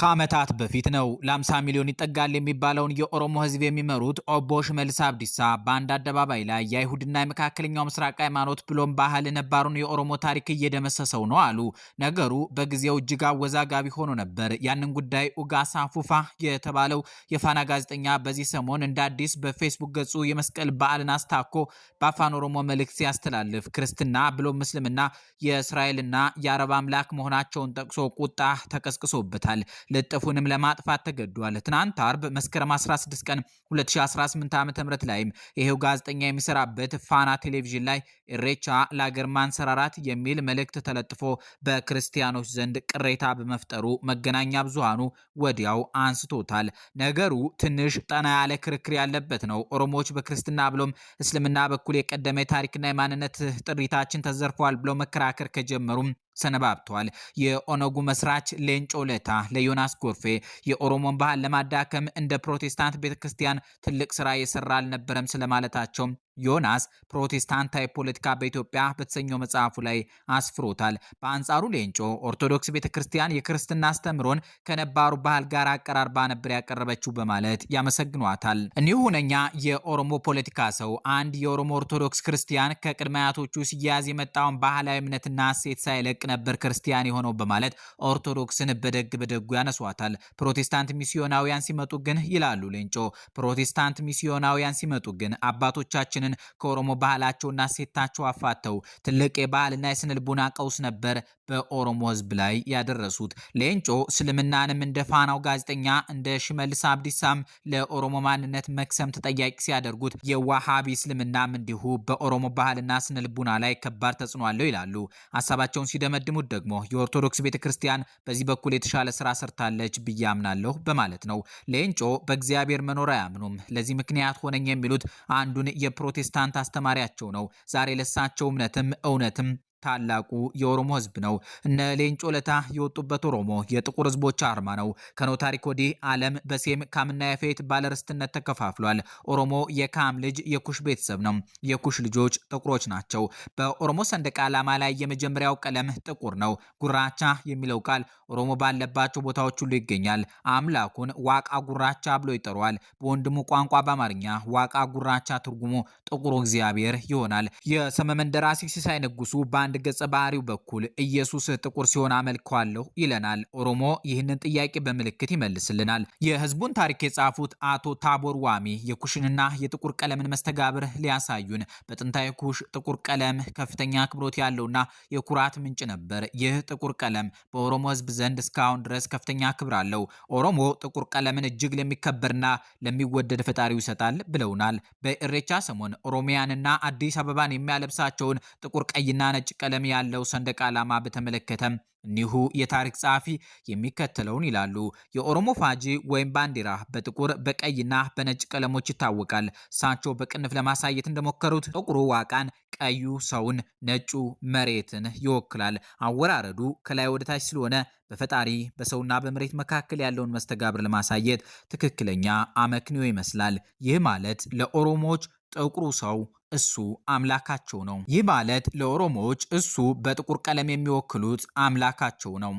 ከዓመታት በፊት ነው ለ50 ሚሊዮን ይጠጋል የሚባለውን የኦሮሞ ህዝብ የሚመሩት ኦቦ ሽመልስ አብዲሳ በአንድ አደባባይ ላይ የአይሁድና የመካከለኛው ምስራቅ ሃይማኖት ብሎም ባህል ነባሩን የኦሮሞ ታሪክ እየደመሰሰው ነው አሉ። ነገሩ በጊዜው እጅግ አወዛጋቢ ሆኖ ነበር። ያንን ጉዳይ ኡጋሳ ፉፋ የተባለው የፋና ጋዜጠኛ በዚህ ሰሞን እንደ አዲስ በፌስቡክ ገጹ የመስቀል በዓልን አስታኮ በአፋን ኦሮሞ መልእክት ሲያስተላልፍ ክርስትና ብሎም ምስልምና የእስራኤልና የአረብ አምላክ መሆናቸውን ጠቅሶ ቁጣ ተቀስቅሶበታል። ልጥፉንም ለማጥፋት ተገዷል። ትናንት አርብ መስከረም 16 ቀን 2018 ዓ ም ላይም ይሄው ጋዜጠኛ የሚሰራበት ፋና ቴሌቪዥን ላይ ኢሬቻ ለአገር ማንሰራራት የሚል መልእክት ተለጥፎ በክርስቲያኖች ዘንድ ቅሬታ በመፍጠሩ መገናኛ ብዙሃኑ ወዲያው አንስቶታል። ነገሩ ትንሽ ጠና ያለ ክርክር ያለበት ነው። ኦሮሞዎች በክርስትና ብሎም እስልምና በኩል የቀደመ የታሪክና የማንነት ጥሪታችን ተዘርፈዋል ብለው መከራከር ከጀመሩም ሰነባብተዋል። የኦነጉ መስራች ሌንጮ ለታ ለዮናስ ጎርፌ የኦሮሞን ባህል ለማዳከም እንደ ፕሮቴስታንት ቤተክርስቲያን ትልቅ ስራ የሰራ አልነበረም ስለማለታቸው ዮናስ ፕሮቴስታንታዊ ፖለቲካ በኢትዮጵያ በተሰኘው መጽሐፉ ላይ አስፍሮታል። በአንጻሩ ሌንጮ ኦርቶዶክስ ቤተ ክርስቲያን የክርስትና አስተምሮን ከነባሩ ባህል ጋር አቀራርባ ነበር ያቀረበችው በማለት ያመሰግኗታል። እኒሁ ሁነኛ የኦሮሞ ፖለቲካ ሰው አንድ የኦሮሞ ኦርቶዶክስ ክርስቲያን ከቅድመ አያቶቹ ሲያያዝ የመጣውን ባህላዊ እምነትና እሴት ሳይለቅ ነበር ክርስቲያን የሆነው በማለት ኦርቶዶክስን በደግ በደጉ ያነሷታል። ፕሮቴስታንት ሚስዮናውያን ሲመጡ ግን ይላሉ ሌንጮ ፕሮቴስታንት ሚስዮናውያን ሲመጡ ግን አባቶቻችን ቱሪዝምን ከኦሮሞ ባህላቸውና ሴታቸው አፋተው ትልቅ የባህልና የስነልቦና ቀውስ ነበር በኦሮሞ ህዝብ ላይ ያደረሱት። ሌንጮ እስልምናንም እንደ ፋናው ጋዜጠኛ እንደ ሽመልስ አብዲሳም ለኦሮሞ ማንነት መክሰም ተጠያቂ ሲያደርጉት የዋሃቢ እስልምናም እንዲሁ በኦሮሞ ባህልና ስነልቦና ላይ ከባድ ተጽዕኖ አለው ይላሉ። ሀሳባቸውን ሲደመድሙት ደግሞ የኦርቶዶክስ ቤተ ክርስቲያን በዚህ በኩል የተሻለ ስራ ሰርታለች ብዬ አምናለሁ በማለት ነው። ሌንጮ በእግዚአብሔር መኖር አያምኑም። ለዚህ ምክንያት ሆነኝ የሚሉት አንዱን የፕሮቴ ፕሮቴስታንት አስተማሪያቸው ነው። ዛሬ ለሳቸው እምነትም እውነትም ታላቁ የኦሮሞ ህዝብ ነው። እነ ሌንጮ ለታ የወጡበት ኦሮሞ የጥቁር ህዝቦች አርማ ነው። ከኖ ታሪክ ወዲህ ዓለም በሴም ካምና የፌት ባለርስትነት ተከፋፍሏል። ኦሮሞ የካም ልጅ የኩሽ ቤተሰብ ነው። የኩሽ ልጆች ጥቁሮች ናቸው። በኦሮሞ ሰንደቅ ዓላማ ላይ የመጀመሪያው ቀለም ጥቁር ነው። ጉራቻ የሚለው ቃል ኦሮሞ ባለባቸው ቦታዎች ሁሉ ይገኛል። አምላኩን ዋቃ ጉራቻ ብሎ ይጠሯል። በወንድሙ ቋንቋ በአማርኛ ዋቃ ጉራቻ ትርጉሙ ጥቁሩ እግዚአብሔር ይሆናል። የሰመመን ደራሲ ሲሳይ ንጉሱ በአንድ ገጸ ባህሪው በኩል ኢየሱስ ጥቁር ሲሆን አመልከዋለሁ ይለናል። ኦሮሞ ይህንን ጥያቄ በምልክት ይመልስልናል። የህዝቡን ታሪክ የጻፉት አቶ ታቦር ዋሚ የኩሽንና የጥቁር ቀለምን መስተጋብር ሊያሳዩን በጥንታዊ ኩሽ ጥቁር ቀለም ከፍተኛ አክብሮት ያለውና የኩራት ምንጭ ነበር። ይህ ጥቁር ቀለም በኦሮሞ ህዝብ ዘንድ እስካሁን ድረስ ከፍተኛ ክብር አለው። ኦሮሞ ጥቁር ቀለምን እጅግ ለሚከበርና ለሚወደድ ፈጣሪው ይሰጣል ብለውናል። በኢሬቻ ሰሞን ኦሮሚያንና አዲስ አበባን የሚያለብሳቸውን ጥቁር ቀይና ነጭ ቀለም ያለው ሰንደቅ ዓላማ በተመለከተም እኒሁ የታሪክ ጸሐፊ የሚከተለውን ይላሉ። የኦሮሞ ፋጂ ወይም ባንዲራ በጥቁር በቀይና በነጭ ቀለሞች ይታወቃል። እሳቸው በቅንፍ ለማሳየት እንደሞከሩት ጥቁሩ ዋቃን፣ ቀዩ ሰውን፣ ነጩ መሬትን ይወክላል። አወራረዱ ከላይ ወደታች ስለሆነ በፈጣሪ በሰውና በመሬት መካከል ያለውን መስተጋብር ለማሳየት ትክክለኛ አመክንዮ ይመስላል። ይህ ማለት ለኦሮሞዎች ጥቁሩ ሰው እሱ አምላካቸው ነው። ይህ ማለት ለኦሮሞዎች እሱ በጥቁር ቀለም የሚወክሉት አምላካቸው ነው።